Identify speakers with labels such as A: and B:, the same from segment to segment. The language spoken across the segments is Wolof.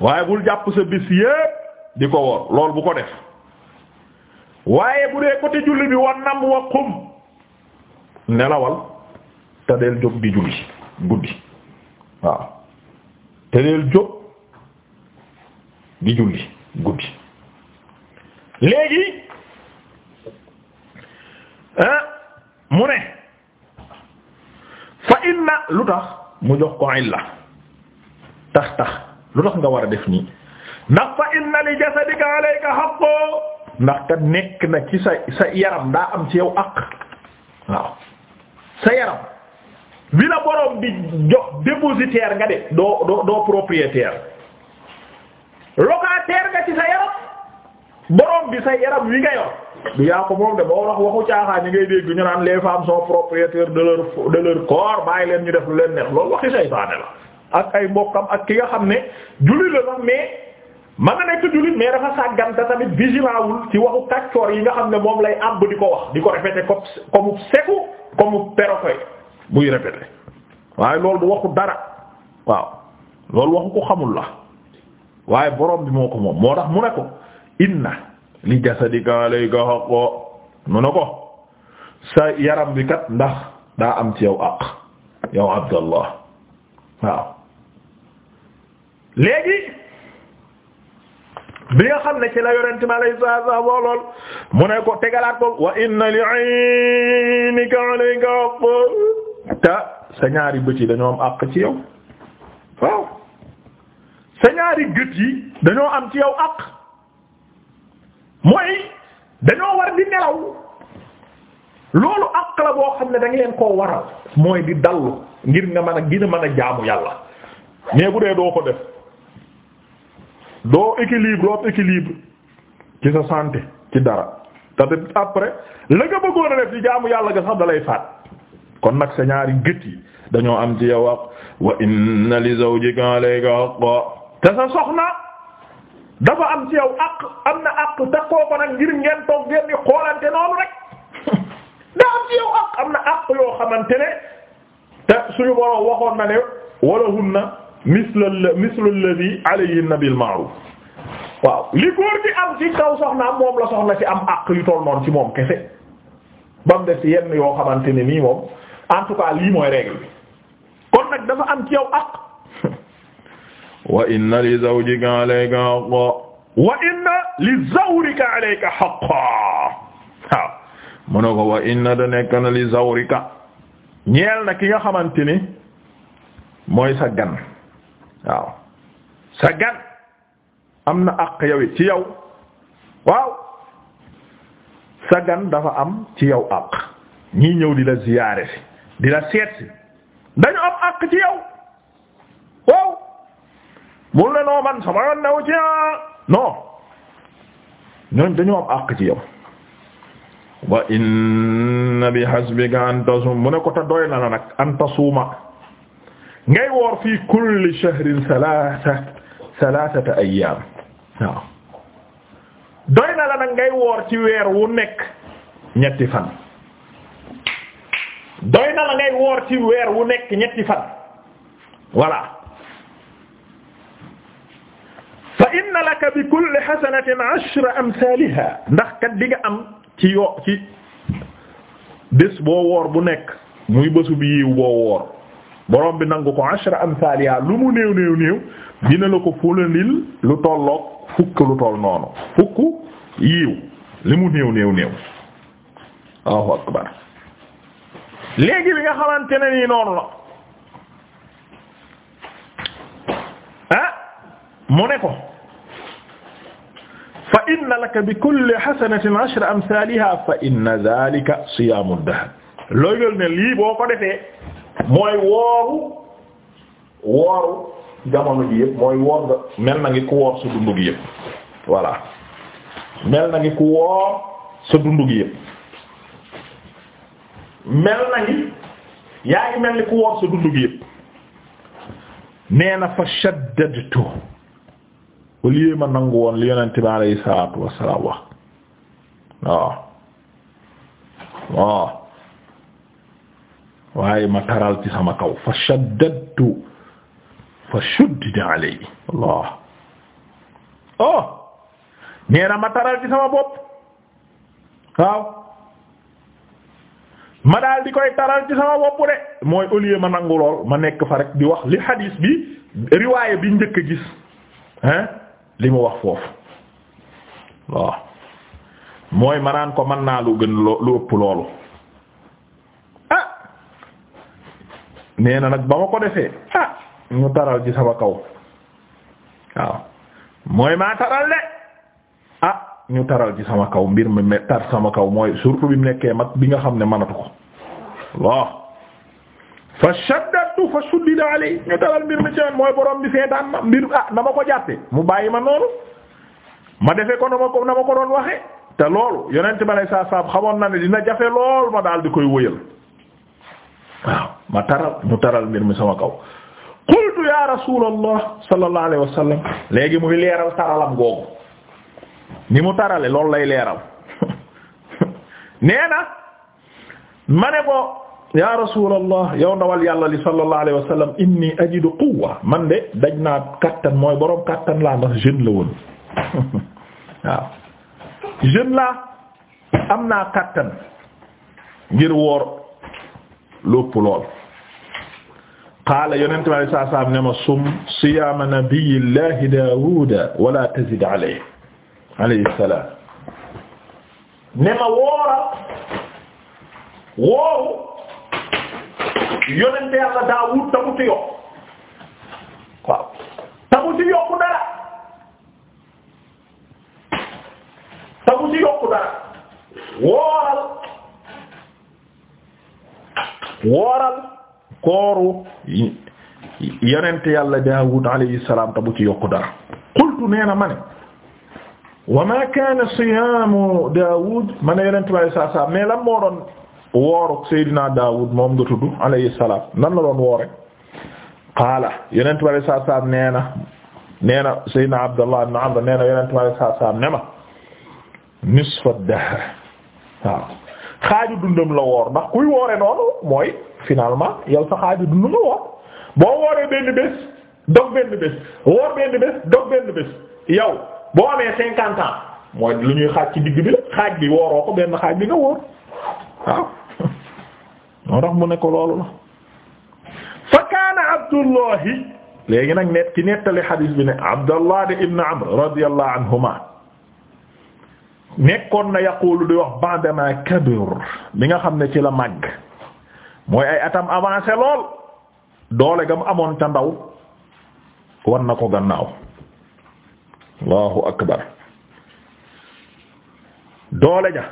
A: waaye bul jàpp sa bis yépp di ko wor loolu bu ko def waaye bu dee côté julli bi wa nam wa qum nelawal te deel jóg di julli guddi waaw te deel jóg guddi léegi mu ne fa inna lu tax mu jox ko illa tax tax lu tax nga war a def nii ndax fa inna li jasadika alayka haqqo ndax te nekk na ci sa sa yaram daa am ci yow àq waaw sa yaram bi la boroom di jox dépositaire nga de doo doo doo propriétaire nga ci sa yaram boroom bi sa yaram wi nga yor du yaa ko moom de boo wax waxu caaxaan ñi ngay dégg ñu naan les femmes sont propriétaires de leur de leur corps bàyyi leen ñu def lu leen neex loolu waxi saytaane la ak ay mbokkam ak ki nga xam ne jullit la sax mais ma nga nekk jullit mais dafa sàggan te tamit vigilant wul ci waxu kàccoor yi nga xam ne moom lay àbb di ko wax di ko répéter comme comme seku comme perroquet muy répéter waaye loolu du waxu dara waaw loolu waxu ko xamul la waaye boroom bi moo ko moom moo tax mu ne ko inna li jasadika alayka haqqan mu ne ko sa yaram bi kat ndax daa am ci yow àq yow abdallah waaw léegi bi nga xam ne ci la yorente mi alay saa saa boo lool mu ne ko tegalaat ko wa na li aynika alayka haqq bët yi dañoo àq ci yow waaw sa ñaari dañoo am ci yow àq mooy dañoo war di xam ne da leen koo waral mooy di dallu ngir nga mën a gën a mën a jaamu yàlla mais bu dee doo ko def doo équilibre doo équilibre ci sa ci dara te tamit après la nga bëggoon a def ci jaamu yàlla nga sax dalay faat kon nag sa ñaari gët dañoo am ci yow ak wa inna li zawjika alayka haqqan te na àq takkoo xoolante noonu rek da am ci yow àq am na àq yoo xamante ne te suñu borom waxoon na ne walahunna mislu mislu alladhi alayhi nabi al ma'ruf moom la soxna ci am àq yu toll noonu ci moom kese ba mu def yoo xamante ne nii moom en tout cas lii mooy règle kon nag dafa am ci yow àq wa li zawjika alayka mu ne ko wa inna da na li zawrika ñeel ki nga xamante ni mooy sa waaw am na àq yow ci waaw sagan dafa am ci yow ñii ñëw di la ziyaare di la seet dañu am àq ci yow waaw mun la noo man sama yoon new ci ah. ñooñ dañu am àq ci wa inna bi hasbika an tasum mu ne ko ta doy na an tasuma ngay woor fii kulli shahrin salaasa salaasata ayyaam waaw doy na la ngay woor ci weer wu nekk ñetti fan doy na la ngay woor ci weer wu nekk ñetti fan voilà fa inna laka bi kulli hasanatin ashra amsaaliha ndax kat di am ci yoo ci bés boo woor bu nekk muy bésu bi yiw boo woor borom bi nag ko ashra amsaaliha lu mu néew néew néew dina ko fóolandil lu lu toll noonu fukk yiiw néew néew néew akbar léegi bi nga xamante ne nii la ah mu ne ko fa inna laka bi kulli hasanatin ashra amsaaliha fa inna dhalika siyaamu dahr looy ne lii boo ko defee mooy wooru wooru jamono gi yëpp mooy woor nga mel na ngi ku woor sa dund gi yëpp voilà mel na ngi ku woor sa dund gi yëpp mel na ngi yaa ngi mel ni ku woor sa dund gi yëpp nee na fa shaddadtu au lieu ma nangu woon li yonent bi alayhi salaatu wassalaam wax waaw waaw waaye ma taral ci sama kaw fa shaddadtu fa shuddida alayhi Allah oh nee na ma taral ci sama bopp waaw ma daal di koy taral ci sama bopp de mooy au ma nangu lool ma nekk fa rek di wax li xadiis bi riwaaye bi njëkk a gis hein li mu wax foofu waaw mooy ma ko man naa lu gën lu ëpp loolu nee na nag ba ma ko defee ah ñu taral ci sama kaw waaw mooy maa taral de ah ñu taral ci sama kaw mbir mi tar sama kaw mooy surtout bi mu nekkee mag bi nga xam ne manatu ko waaw fa shaddatu fa suddida alay ñu taral mbir mi ci mooy borom bi seetaan ma mbir ah na ma ko jàppe mu bàyyi ma noonu ma defe ko na ma ko na ma ko doon waxe te loolu yonent bi sallallahu alayhi wasallam xamoon na ne dina jafe lool ma daal di koy wëyal waaw ma taral mu taral mbir mi sama kaw qultu ya rasulallah sallallahu alayhi wa léegi muy leeral taralam googu ni mu tarale loolu lay leeral nee na ma ne ko ya rasulallah yow ndawal yàlla li sallallahu alayhi wa inni ajidu quwwa man de daj naa kattan mooy boroom kattan laa ndax jeune la woon waaw jeune laa am naa kattan ngir woor lopp lool qaala yonente bi alei saat salaam ne ma sum siyaama nabiyillahi daawuda wala tazid alayhi alayhi salaam ne ma woora wooru yonente yàlla daawud tamu ci yokk waaw tamu ci yokk dara tamu ci yokk dara wooral wooral kooru yonent yàlla Daawud alayhi salaam ta bu ci yokku dara qultu nee na ma ne wa ma kaana siyaamu Daawud ma ne yonent bi alayhi salaam mais lan moo doon wooruk Seydina Daawud moom nga tudd alayhi salaam nan la doon woore qaala yonent bi alayhi salaam nee na nee na Seydina Abdallah ibn Amr nee na yonent bi alayhi salaam ne ma nisfa dahr waaw xaaju dundam la woor ndax kuy woore noonu mooy finalement yow sa xaaju dund nga woor boo wooree benn bés dog benn bés dog benn bés yow boo amee cinquante ans mooy lu ñuy xaaj ci digg bi xaaj bi wooroo ko benn xaaj bi nga woor waaw moo tax ne ko loolu la fa kaana abdullahi léegi nag net ki nettali xadiis bi ne abdallah de ibn amr radiyallahu anhuma nekkoon na yaqulu di wax ba'dama kabir bi nga xam ne ci la màgg mooy ay atam avancé lool doole gam amoon ca ndaw war na ko gannaaw allahu akbar doole ga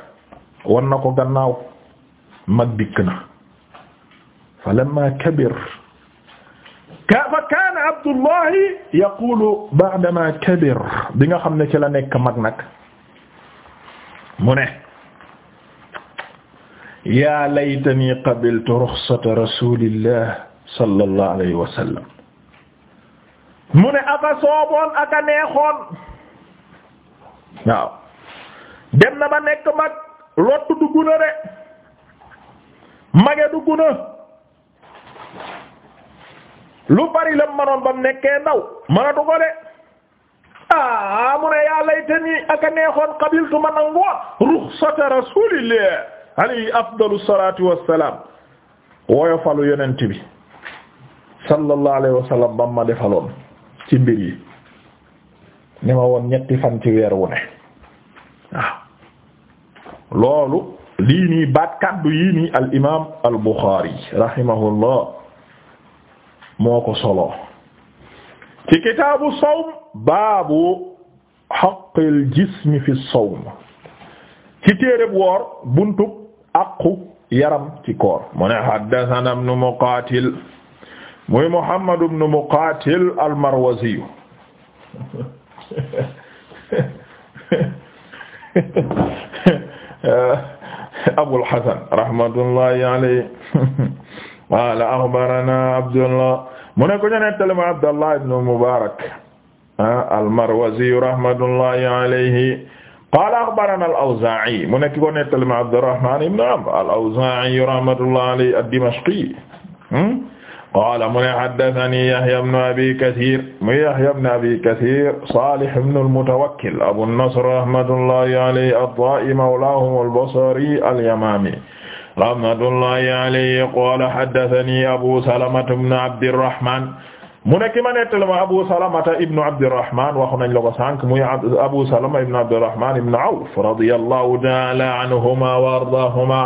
A: war na ko gannaaw mag dikk na falamma kabir ka fa kaana abdullahi yaqulu ba'dama kabir bi nga xam ne ci la nekk mag nag mu ne yaa laytani qabiltu ruxsata rasulillah sallallahu alayhi wa sallam mu ne aka sooboon aka neexoon waaw dem na ba nekk mag lottu dugg na de mage dugg na lu bari la manoon ba mu nekkee ndaw manatu ko de ah mu ne laytani aka neexoon qabiltu ma nangoo ruxsata rasulillah alayhi afdalu salatu wassalam wooyo falu yonent bi sallallahu alayhi wa sallam ma defaloon ci mbir yi ni ma woon ñetti fan ci weer wu loolu lii baat kaddu yii al imaam al Buxaari rahimahullah moo ko solo ci kitaabu sawm baabu xaqil jismi fi sawm ci téereb woor buntub aqu yaram ci koor mu ne haddathana ibnu muqaatil muy muhammad ibnu muqaatil almarwaziyu abul hasan rahmatullahi alayhi qaala axbarana abdullah mu ne ko ñu nettali ma abdullah ibnu mubaarak Ah, al-Marwazi rahmatullahi alayhi qaala axbarana al-Awzaa'i mu nekk ko nettali ma Abdurrahmaan ibn Amr al-Awzaa'i rahmatullahi alayhi ad-Dimashqi hmm? qaala mu ne haddathanii Yahyaa ibn Abii Kathiir mu Yahyaa ibn Abii Kathiir Saalih ibn al-Mutawakkil Abuu Nasr rahmatullahi alayhi ad-Daa'i mawlaahum al-Basri al-Yamaami rahmatullahi alayhi qaala haddathanii Abuu Salamata ibn Abdirrahmaan mu nekk ma nettali ma Abu Salamata ibnu Abdirrahman wax nañ la ko sànq muy Abu Salama ibnu Abdirrahman ibnu Awf radiyallahu ta'ala anhuma wa ardaahuma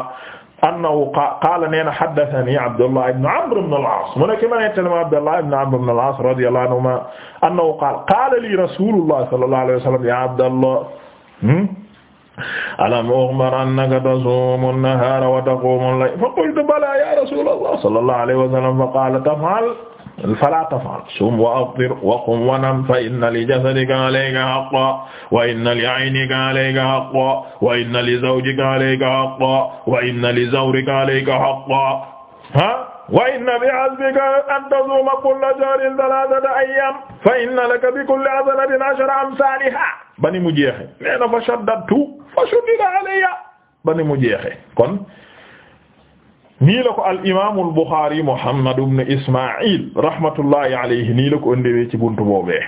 A: annahu qaala nee na haddathani Abdullah ibnu Amr ibnu al-As mu nekk ma nettali ma Abdullah ibnu Amr ibnu al-As radiyallahu anhuma annahu qaala qaala li rasulullah sallallahu alayhi wa sallam ya Abdallah hmm? alam ukhbir annaka tasuumu an-nahaara wa taquumu al-layla fa qultu balaa ya rasulallah sallallahu alayhi wa sallam fa qaala taf'al fala tafal sum wa aftir wa qum wa nam fa inna li jasadika alayka haqqan wa inna li aynika alayka haqqan wa inna li zawjika alayka haqqan wa inna li zawrika alayka haqqan ha wa inna bi azmika an tasuma kulla shahrin thalathata ayyam fa inna laka bi kulli hasanatin ashra amsalha bani mu jeexe nee na fa shaddadtu fa shuddida alayya bani mu jeexe kon nii la ko al imaamul Buxaari Muhammad ibn Ismaa'il rahmatullahi alayhi nii la ko ëndewee ci buntu boobee.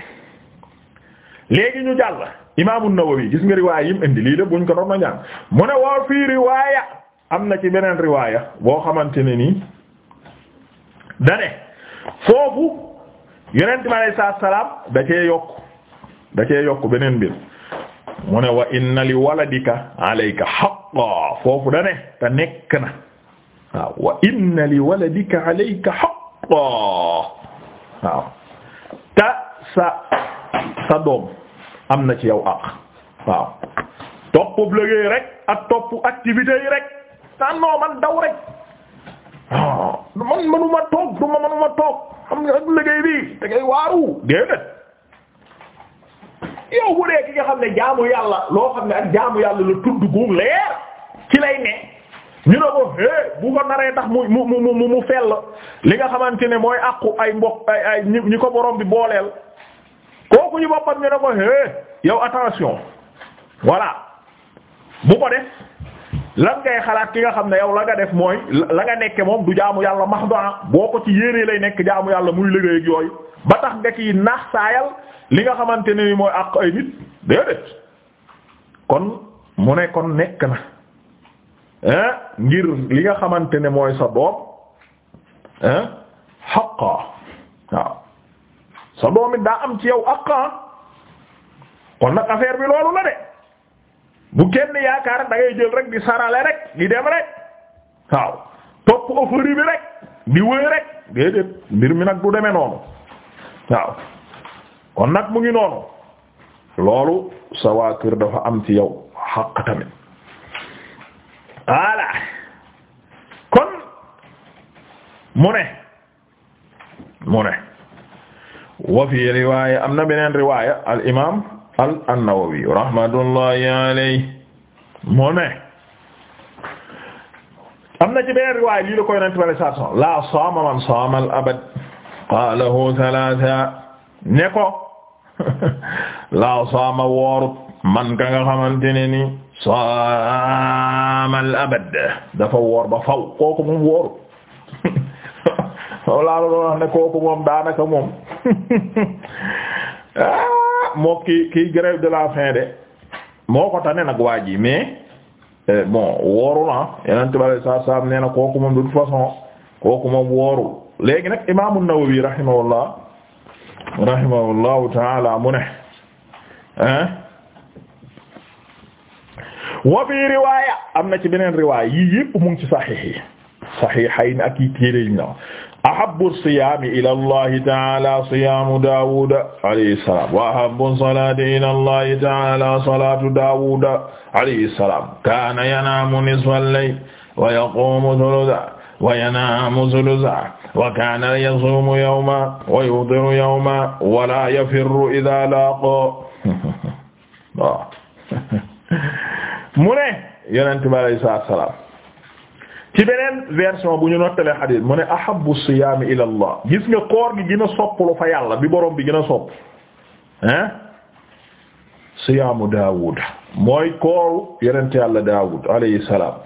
A: léegi ñu jàll imaamu Nawawi gis nga riwaay yi mu lii de buñ ko doon na ñaan mu ne riwaaya am na ci beneen riwaaya boo xamante ne nii dane foofu yonent mi alayhi salaam da yokk da cee yokk beneen mbir mu ne wa li waladika alayka haqqan foofu dane te nekk na. waaw wa inna li waladika alayka haqqan waaw ta sa sa doom am na ci yow àq waaw topp liggéey rek ak topp activité yi rek tan noo man daw rek ah, man manuma toog duma manuma toog xam nga ak liggéey bi waaru déedéet yow bu dee ki nga xam ne jaamu yàlla loo xam ne ak jaamu yàlla la tudd gu leer ci lay ne ñu ne ko é eh, bu ko naree tax mu mu mu mu fell li nga xamante ne mooy àqu ay mbokk ay ay ñi ko borom bi booleel kooku ñu boppam ñu ne ko é eh, yow attention voilà bu ko def lan ngay xalaat ki nga xam ne yow la nga def mooy la nga nekke moom du jaamu yàlla max doan boo ko ci yéenee lay nekk jaamu yàlla muy liggéey ak yooyu ba tax nga ci naax saayal li nga xamante ni mooy àq ay nit déedéet kon mu ne kon nekk na ngir li nga xamante ne mooy sa doom ah xaqa waaw sa doom daa am ci yow aqa kon nag affaire bi loolu la de bu kenn yaakaar da ngay jël rek di sarale rek di dem rek waaw topp offre bi rek di wëy rek déedéet mbir mi nag du demee noonu waaw kon nag mu ngi noonu loolu sa waa kër dafa am ci yow xaq tamit. voilà kon mu ne mu ne wa fi riwaya am na beneen riwaya al imam al an-Nawawi rahmatullahi alayhi mu ne am na ci beneen riwaya lii la koy yonent bale sat son la saama man saama al abad qaalahu thalatha ne ko la saama woorut man ka nga xamante ne ni saamal abad dafa woor ba faw kooku moom wooru walla la doon wax kooku moom daanaka moom ah, moo ki ki grève de la faim de moo tane nag waa ji mais eh, bon wooru na yeneen tibale saa saa nee na kooku moom de toute façon kooku moom wooru léegi nag imaamu Nawawi rahimahullah rahimahullahu taala mu ne wa fii riwaaya am na ci beneen riwaaya yii yëpp mu ngi ci saxiix yi saxiixayni ak yi téere yi na ahabbu siyaami ila allahi taala siyaamu daawuda alayhi salaam wa ahabbu salaati ila allahi taala salaatu daawuda alayhi salaam kaana yanaamu nisfal layl wa yaquumu thuluthahu wa yanaamu thuluthahu wa kaana yasuumu yawman wa yuftiru yawman wa laa yafirru idhaa laaqaahu mu ne yonent bi alayhi salaatu wa salaam ci beneen version bu ñu nottalee xadiis mu ne ahabbu siyaami ila Allah gis nga koor gi gën a sopplu fa yàlla bi borom bi gën a sopp hein siyaamu Daawuud mooy kooru yonent yàlla Daawuud alayhi salaam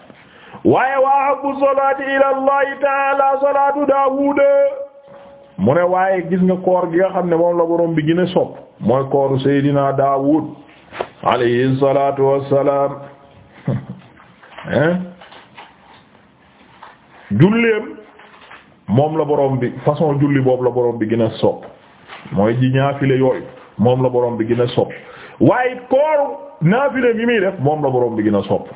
A: waaye wa ahabbu salaati ila Allahi ta'aala salaatu Daawuud mu ne waaye gis nga koor gi nga xam ne moom la borom bi gën a sopp mooy kooru Seydina Daawuud alayhi salaatu wa salaam hein julleem moom la boroom bi façon julli boobu la boroom bi gën a sopp mooy ji ñaafile yooyu moom la boroom bi gën a sopp waaye kooru ñaafileem yi muy def moom la boroom bi gën a sopp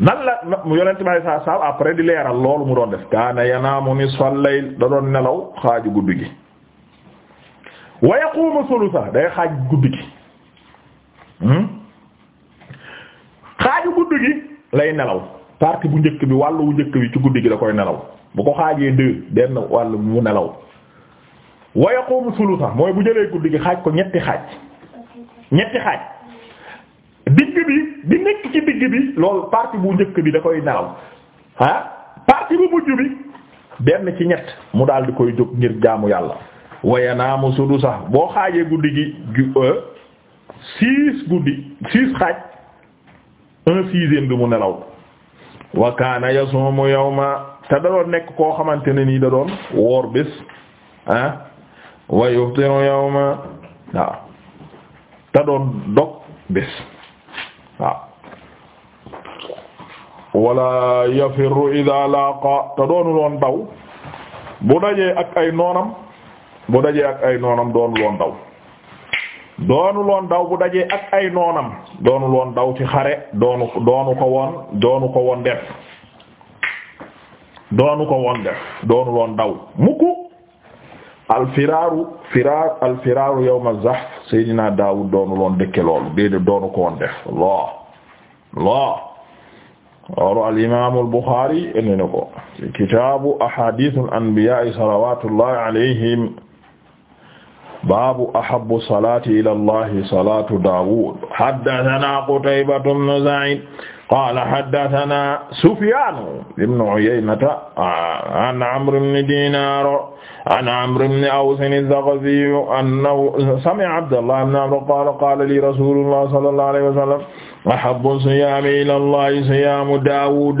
A: nan la yonent bi saa saa après di leeral loolu mu doon def kaana yanaamu nisfal layl da doon nelaw xaaju guddi gi wa yaqumu sulusa day xaaj guddi gi hmm? xaaju guddi gi lay nelaw partie bu njëkk bi wàll wu njëkk bi ci guddi gi da koy nelaw bu ko xaajee deux benn wàll mu nelaw wa yaqumu sulusa mooy bu jëlee guddi gi xaaj ko ñetti xaaj ñetti xaaj digg bi bi nekk ci digg bi loolu partie bu njëkk bi da koy nelaw ah partie bu mujj bi benn ci ñett mu daal di koy jóg ngir jaamu yàlla wa yanaamu sulusa boo xaajee guddi gi euh, six guddi six xaaj un sixième bi mu nelaw wa kaana yasumu yawma te da nekk koo xamante ne nii da doon woor bés ah wa yuftiru yawma waaw te doon dog bés waaw wala yafirru idha laqa te doonul woon daw bu dajee ak ay noonam bu dajee ak ay noonam doonul woon daw doonu loon daw bu dajee ak ay noonam doonu loon daw ci xare doonu doonu ko woon doonu ko woon def doonu ko daw mukku alfiraaru firaar alfiraaru zahf seydina daawud doonu loon dëkke loolu déedéet doonu ko woon def loo loo loolu al imaamu al buxaari indi ko ci kitaabu ahadithul anbiyaa salawatullahi alayhim baabu ahabbu salaati ila allahi salaatu daawuud haddasanaa qutaybatu bnu sa'iid qaala haddasanaa sufyaanu ibnu uyaynata an amri bni diinaar an amri bni awsin az-zaqafi annahu sami'a abdallahi bni amr qaala qaala li rasuulullahi sallallahu alayhi wa sallam ahabbu siyaami ila allahi siyaamu daawuud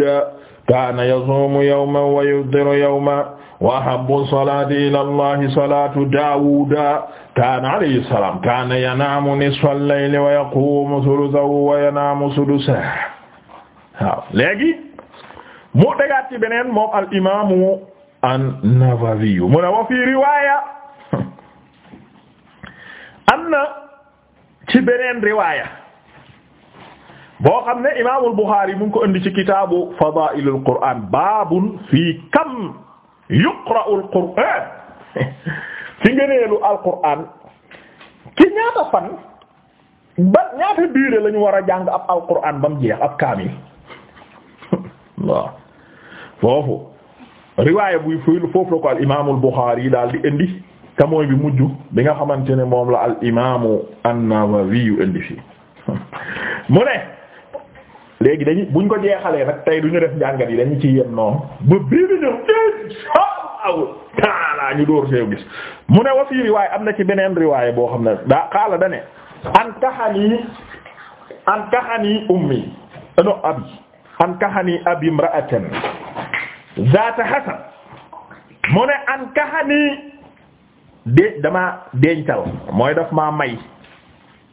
A: kaana yasuumu yawman wa yuftiru yawman wa ahabbu salaati ila allahi salaatu daawuda kaana alayhi salaam kaana yanaamu nisfa al-layli wa yaquumu sulusahu wa yanaamu sudusahu waaw léegi mu dëggaat ci beneen moom al imaamu an-Nawawi mu ne wa fi riwaaya am na ci beneen riwaaya boo xam ne imaamul Buxaari mu ngi ko indi ci kitaabu fadaa'ilul Qur'aan baabun fii kam yuqra'ul qur'aan ci ngëneelu alqur'aan ci ñaata fan ba ñaata durée la ñu war a jàng ab alqur'aan ba mu jeex ab kaamil foofu riwaaya buy ful foofu la ko al imaamul Buxaari daal di indi te mooy bi mujj bi nga xamante ne moom la al imaamu an-Nawawi indi fii mu ne. léegi dañu buñ ko jeexalee nag tey du ñu def njàngat yi dañu ci yem noonu ba bii di ñëw insha Allah taala ñu door seew gis mu ne wa riwaay am na ci beneen riwaay boo xam ne daa xaala dane an kahani an kahani ummi no abi an kahani abi imra'atan zaata hasan mu ne an kahani de dama dencal mooy daf maa may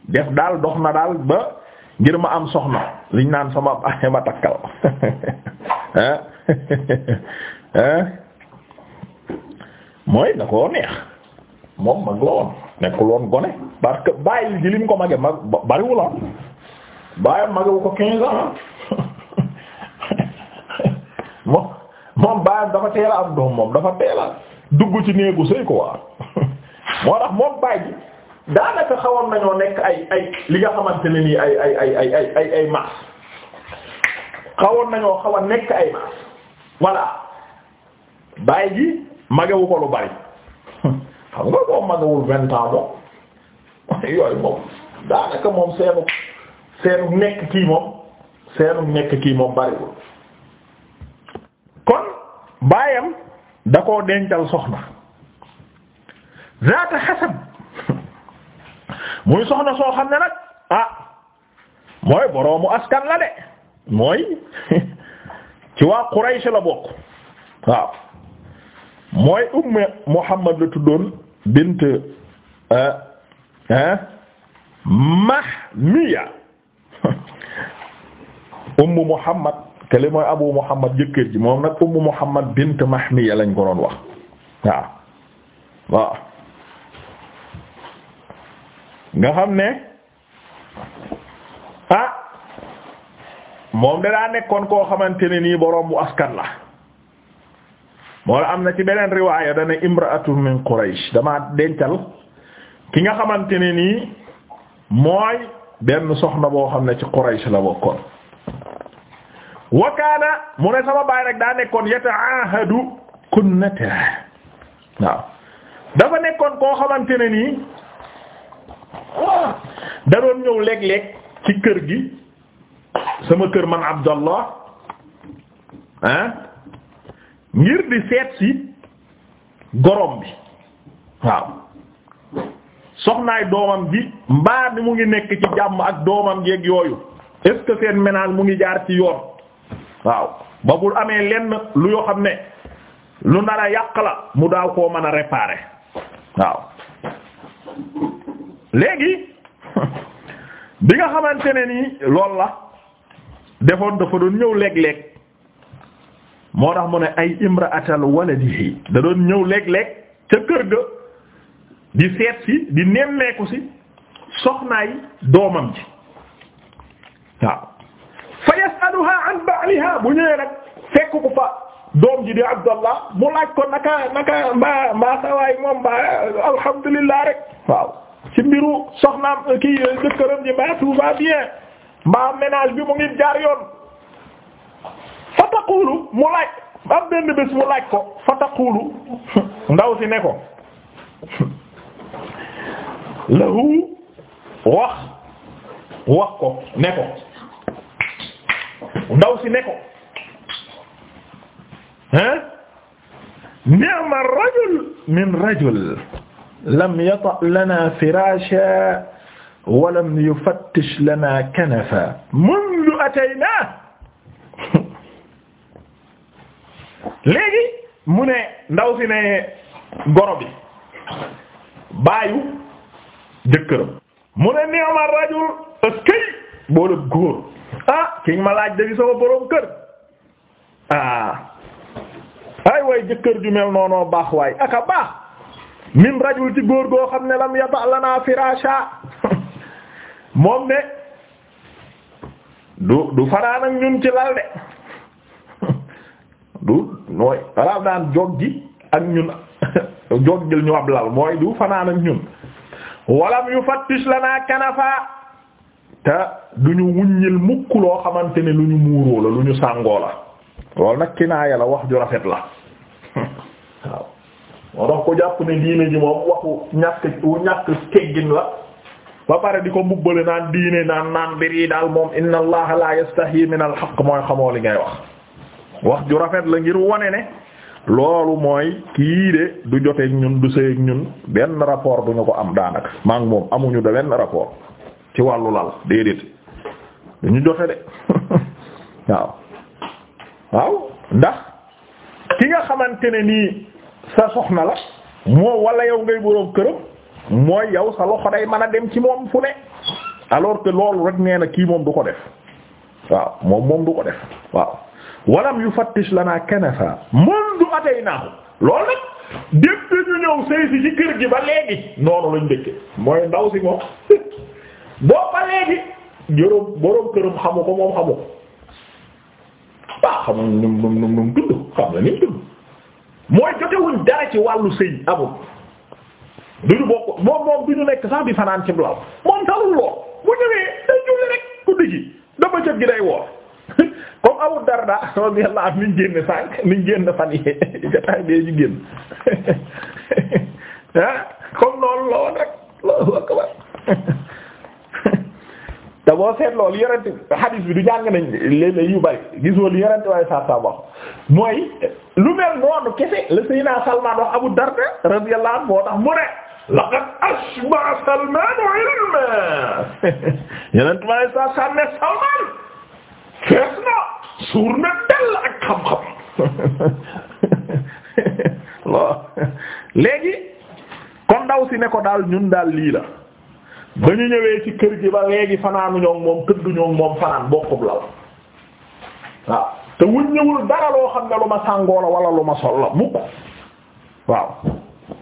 A: def daal dox na daal ba ngir ma am soxna liñ naan sama baay ma takkal ah ah mooy da koo neex moom mag la woon nekkul woon gone parce que bàyyi ji lim ko mage mag bariwul ah bàyyi magewu ko quinze ans ah. moom moom dafa teel doom moom dafa teel dugg ci néegu sëy quoi moo tax moom bàyyi daanaka xawoon nañoo nekk ay ay li nga xamante ni nii ay ay ay ay maas xawoon nañoo xaw nekk ay maas voilà bàyyi ji ko lu bari xam nga boo magewul vingt moom yooyu moom daanaka moom seenu seenu nekk kii moom seenu nekk kii moom bariwul kon baayam da koo dencal soxna zaata xasab muy soxna soo xam ne nag ah mooy boroomu askan la de mooy ci waa Quraysh la bokk waaw mooy umme Muhammad la tuddoon bint eh, eh, Mahmiya ummu Muhammad kele mooy Abu Muhammad jëkkër ji moom nag ummu Muhammad bint Mahmiya lañ ko doon wax waaw nga xam ne ah moom da daa nekkoon koo xamante ne nii boroom bu askan la moo la am na ci beneen riwaaya dana imraatu min Quraysh dama dencal ki nga xamante ne nii mooy benn soxna boo xam ne ci Quraysh la bokkoon wa mu ne sama baay nag daa nekkoon yataahadu kunnata waaw dafa nekkoon koo xamante nii da ñëw léeg-léeg ci kër gi sama kër man Abdallah ah ngir di seet si gorom bi waaw soxnaay doomam ji mbaa ni mu ngi nekk ci jàmm ak doomam jeeg yooyu est-ce que mu ngi jaar ci yoon waaw ba bu amee lenn lu yoo xam ne lu nar a yàq la mu daaw koo mën a réparer waaw léegi bi nga xamante ne ni loolu la defoon dafa doon ñëw léeg-léeg moo tax mu ne ay imraatal waladihi da doon ñëw léeg-léeg ca kër ga di seet si di nemmeeku si soxnaay doomam ji waaw fa yasaluha an baaliha bu ñëwee nag fekk ko fa doom ji di abdallah mu laaj ko naka naka mbaa mbaa sawaay moom mbaa alhamdulillah rek waaw ci mbiru soxnaam euh, kii euh, jëkkëram ji ba tout va bien mbaa ménage bi mu ngi jaar yoon fa taqulu mu laaj am benn bés mu laaj ko fa taqulu ndaw si ne ko lahu wax wax ko ne ko ndaw si ne ko m ni'ma rajul min rajul lam yata lana firasha wa lam yufattish lana kanafa mundu atayna léegi mu ne ndaw si ne goro bi baayu jëkkëram mu ne ni'ma rajul ëskëy boole góor ah ki ma laaj da di sama boroom kër ah ay way jëkkër ju mel noonu baax waay aka baax min rajul ci góor goo xam ne lam yata lana firasha moom ne du du fanaan ak ñun ci lal de du mooy walla daan joggi ak ñun joggil ñu ab lal mooy du fanaan ak ñun walam yu fattish lana kanafa te du ñu wuññil mukk loo xamante ne lu ñu muuroo la lu ñu sàngoo la loolu nag kinaaya la wax ju rafet la moo tax ko jàpp ne diine ji moom waxu ñàkk ñàkk teggin la ba pare di ko mbubbale naan diine naan naan mbir yi daal moom inna allaha la yastahi min al haqq mooy xamoo li ngay wax wax ju rafet la ngir wone ne loolu mooy kii de du joteeg ñun du sëyeeg ñun benn rapport duñu ko am daanaka maa ngi moom amuñu da benn rapport ci wàllu lal déedéet duñu jote de waaw waaw ndax ki nga xamante ne nii sa soxna la moo wala yow ngay boroom këram mooy yow sa loxo day mën a dem ci moom fu ne alors que loolu rek nee na kii moom du ko def waaw moom moom du ko def waaw walam yufattish lana kanafa naa ataynaahu loolu nag depuis ñu ñëw sëy si ci kër gi ba léegi noonu lañ dëkke mooy ndaw si moom boo ba léegi joroom boroom këram xamu ko moom xamu ko baa xamul num tudd xam na ni tudd mooy jotewuñ dara ci wàllu sëy amul duñu bokk moom moom duñu nekk sax di fanaan ci blaw moom talul lool bu ñëwee day julli rek ku diggi dafa cëg gi day woor comme Abu Darda radiyallahu anhu niñ génn sànq niñ génn fan yi jataay bee ñu génn ah comme loolu la woon rek loolu akbar te boo seet loolu yorente hadis bi du jàng nañ léeg-léeg yu bari gisoo li yorente waaye saa saa wax mooy lu mel noonu kese la Seydina Salman wax Abu Darda radiyallahu anhu moo tax mu ne laqad ashba Salman ilma yeneen tubaab yi sax sànne Salman fees na suur na dell ak xam-xam loolu léegi kon ndaw si ne ko daal ñun daal lii la ba ñu ñëwee ci kër gi ba léegi fanaanuñoo moom tëdduñoo moom fanaan bokkub la waaw. te wëññëwul dara loo xam ne lu ma sàngoo la wala lu ma sol la mukk waaw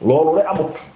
A: loolu de amut